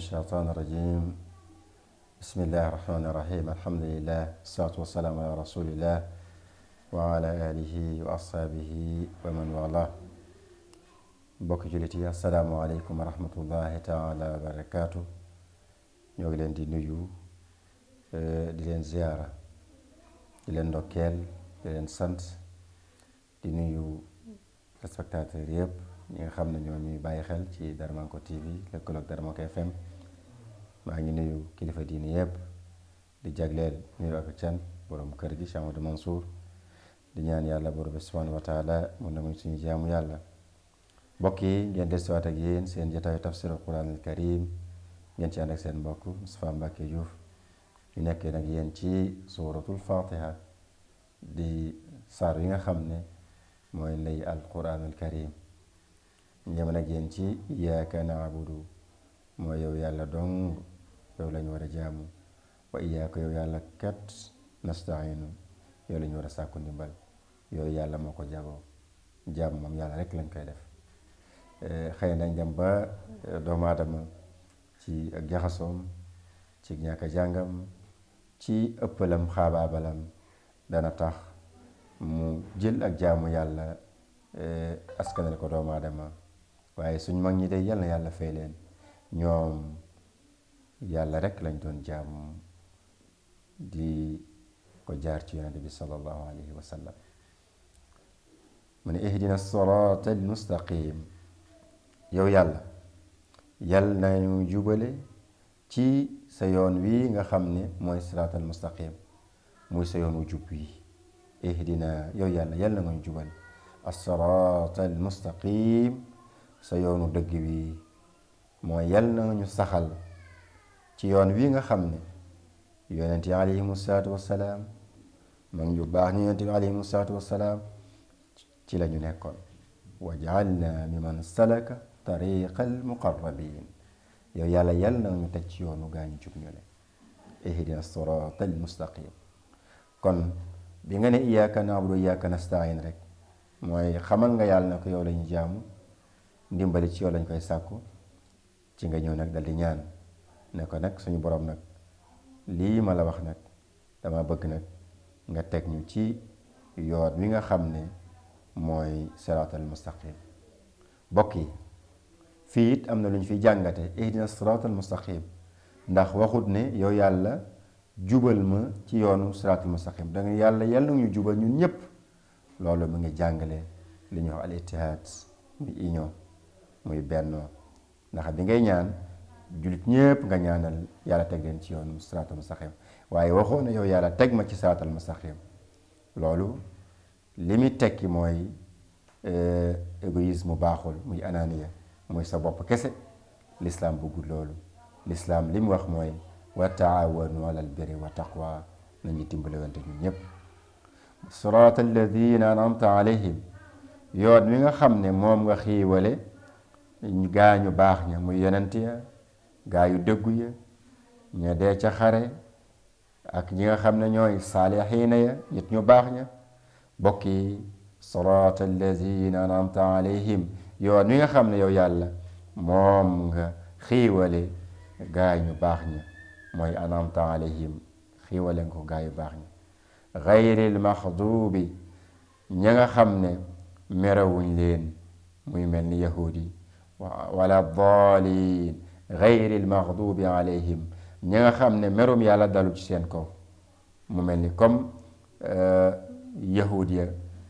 الشيطان الرجيم بسم الله الرحمن الرحيم الحمد لله والصلاة والسلام على رسول الله وعلى آله وأصحابه ومن والاه bokk juliti assalaamu aleykum wa rahmatullahi taala wa barakaatu ñoo ngi leen di nuyu eh, di leen ziyaara di leen ndokkeel di leen sant di nuyu spectateurs yëpp ñi ngi xam ne ñoo ñuy bàyyi xel ci Darmanko TV lëkkaloog Darmanko FM maa ngi nuyu kilifa diini yëpp di jagleel nuyu ak can borom kër gi Cheikh Amadou Mansour di ñaan yàlla borom bi subhanahu wa taala mun na suñu jaamu yàlla mbokk yi ngeen dellusiwaat ak yéen seen jotaayu tafsir alquran al karim ngeen ci ànd ak seen mbokk Moustapha Mbacké Diouf ñu nekkee nag yéen ci suratul fatiha di saar yi nga xam ne mooy lay alquran al karim jamono ak yéen ci iyyaka na'budu moo yow yàlla dong yow lañu war a jaamu wa iyyaka yow yàlla kat nasta'inu yow lañu war a sàkku ndimbal yooyu yàlla moo ko jagoo jaamu moom yàlla rek lañ koy def eh, xëy nañ dem ba eh, doomu aadama ci ak jaxasoom ci ñàkk jàngam ci ëppalam xaabaabalam dana tax mu jël ak jaamu yàlla eh, askanale ko doomu aadama waaye suñ mag ñi de yàlla yàlla fay leen ñoom yàlla rek lañ doon jaamu di ko jaar ci yonente bi sallallahu alayhi wa sallam mu ne ihdina sirata almustaqim yow yàlla yàlla nañu jubale ci sa yoon wi nga xam ne mooy siraat almustaqim muy sa yoon wu jub wii ihdina yow yàlla yàlla nga ñu jubal as siraat almustaqim sa yoonu dëgg wi mooy yal na ñu saxal ci yoon wii nga xam ne yonent yi alayhimu salaatu wassalaam mag ñu baax ñu yonent yi alayhimu salaatu wassalaam ci la ñu nekkoon wajaalna mimman salaka tariqal muqarrabin yow yàlla yàlla na ñu teg ci yoonu gaañu jub ñu ne ihdina sirata al kon bi nga ne iyyaka na'budu wa iyyaka nasta'in rek mooy xamal nga yàlla na ko yow lañu jaamu ndimbali ci yow lañ koy sàkku ci nga ñëw nag dal di ñaan ne ko nag suñu borom nag lii ma la wax nag dama bëgg nag nga teg ñu ci yoon wi nga xam ne mooy siraatal mustaqim bokk yi fii it am na lu ñu fi jàngate ihdina siraatal mustaqim ndax waxut ne yow yàlla jubal ma ci yoonu siraatal mustaqim danga yàlla yàlla ñu jubal ñun ñëpp loolu mu ngi jàngale li ñu wax al ittihaad muy muy bennoo ndax bi ngay ñaan jullit ñépp nga ñaanal yàlla teg leen ci yoon siraatal mustaqim waaye waxoo na yow yàlla teg ma ci siraatal mustaqim loolu li muy tekki mooy eh, égoïsme baaxul muy ananiya muy sa bopp kese lislaam bëggul loolu lislaam li mu wax mooy wa taawanu alal birri wa taqwa nañu dimbalewante ñun ñépp siraatal ladina anamta alayhim yoon wi nga xam ne moom nga xiiwale gaa ñu baax ña muy yonent ya gaa yu dëggu ya ña dee ca xare ak ñi nga xam ne ñooy saalixiina ya nit ñu baax ña bokk yi siraat allazina anamta alayhim yoon wi nga xam ne yow yàlla moom nga xiiwale gaa ñu baax ña mooy anamta alayhim xiiwale nga ko gaa yu baax ña gayril maxduubi ña nga xam ne merewuñ leen muy mel ni yahuud yi wala daalin gayril maxdubi alayhim ñi nga xam ne merum yàlla dalu ci seen kaw mu mel ni comme euh, yahudiya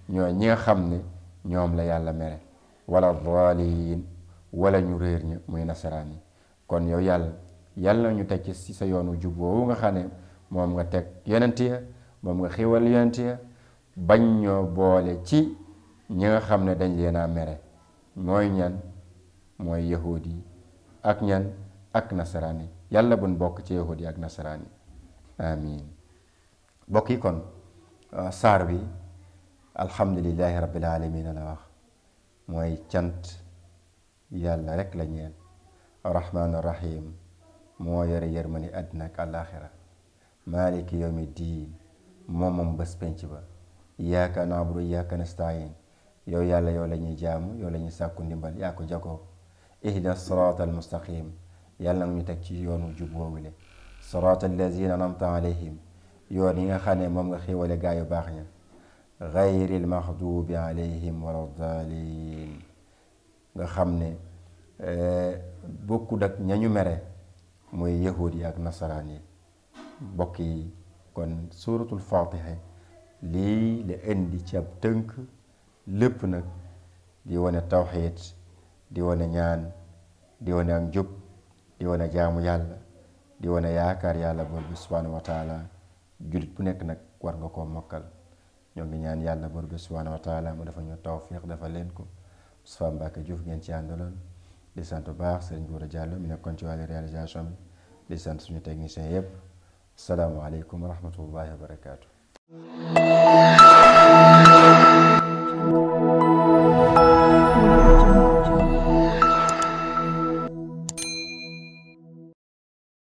ñoo ñi nga xam ne ñoom la yàlla mere wala daalin wala ñu réer ñi muy nasaraan yi kon yow yàlla yàlla ñu teg ci sa yoonu jub woowu nga xam ne moom nga teg yonent ya moom nga xiiwal yonent ya bañ ñoo boole ci ñi nga xam ne dañ leen a mere mooy ñan mooy yahuud ak ñan ak nasaraani yàlla buñ bokk ci yahuud ak nasaraani amin bokk yi kon euh, saar bi alhamdulillahi rabbil alamin la wax mooy cant yàlla rek la ñeel rahmaanu rahim moo yore yërmani àddina ak àllaaxira maaliki yawmi diin moom moom bés penc ba iyyaka na'budu wa iyyaka yow yàlla yow la ñuy jaamu yow la ñuy sàkku ndimbal yaa ko jagoo ihdina siraata almustaqim yàlla nag ñu teg ci yoonu jub woowule siraata allazina anamta alayhim yoon yi nga xam ne moom nga xéewale gaa yu baax ña gayri almaxdubi xam ne bokkut ak ñañu mere mooy yahuud yi ak nasaraan yi mbokk yi kon suuratul faatiha lii la indi ci ab tënk lépp nag di wane tawxiid di wane ñaan di wane ak njub di wane jaamu yàlla di wane yaakaar yàlla boor bi subhaanahu wa taala jullit bu nekk nag war nga koo mokkal ñoo ngi ñaan yàlla boor bi subhaanahu wa taala mu dafa ñu tawfiq dafa leen ko Moustapha Mbacké Diouf ngeen ci àndaloon di sant bu baax Serigne a jàll mu nekkoon ci wàllu réalisation bi di sant suñu technicien yëpp salaamaaleykum wa rahmatullahi wa barakaatu.